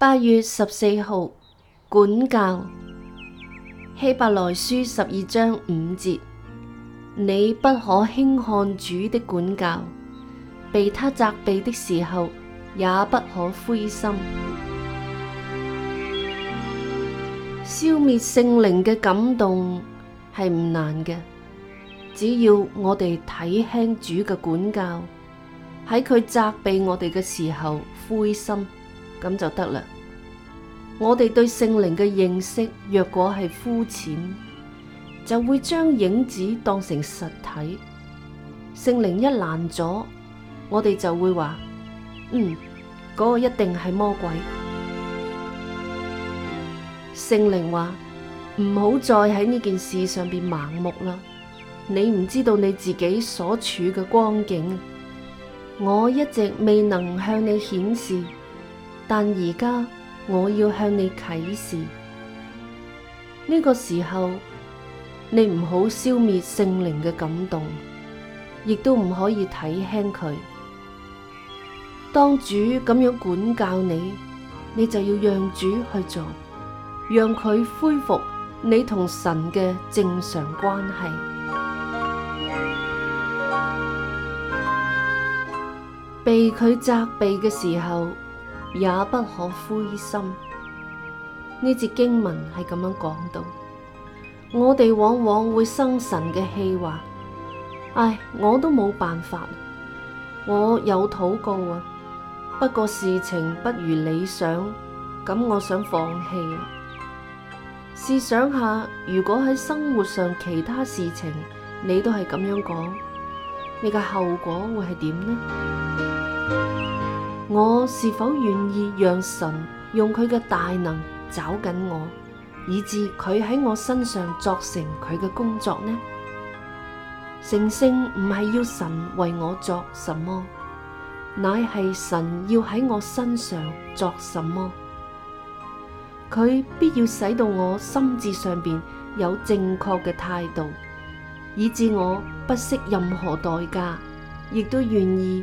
八月十四號，管教希伯來書十二章五節：你不可輕看主的管教，被他責備的時候，也不可灰心。 消滅聖靈嘅感動係唔難嘅，只要我哋睇輕主嘅管教，喺佢責備我哋嘅時候灰心。咁就得啦。我哋對聖靈嘅認識若果係膚淺，就會將影子當成實體。聖靈一攔咗，我哋就會話：嗯，嗰個一定係魔鬼。聖靈話：唔好再喺呢件事上邊盲目啦。你唔知道你自己所處嘅光景，我一直未能向你顯示。但而家我要向你啟示，呢個時候你唔好消滅聖靈嘅感動，亦都唔可以睇輕佢。當主咁樣管教你，你就要讓主去做，讓佢恢復你同神嘅正常關係。被佢責備嘅時候，也不可灰心，呢節經文係咁樣講到。我哋往往會生神嘅氣話，唉，我都冇辦法。我有禱告啊，不過事情不如理想，咁我想放棄啦啊。試想下，如果喺生活上其他事情你都係咁樣講，你嘅後果會係點呢？我是否願意讓神用佢嘅大能找緊我，以致佢喺我身上作成佢嘅工作呢？成聖唔係要神為我作什麼，乃係神要喺我身上作什麼。佢必要使到我心智上邊有正確嘅態度，以致我不惜任何代價，亦都願意。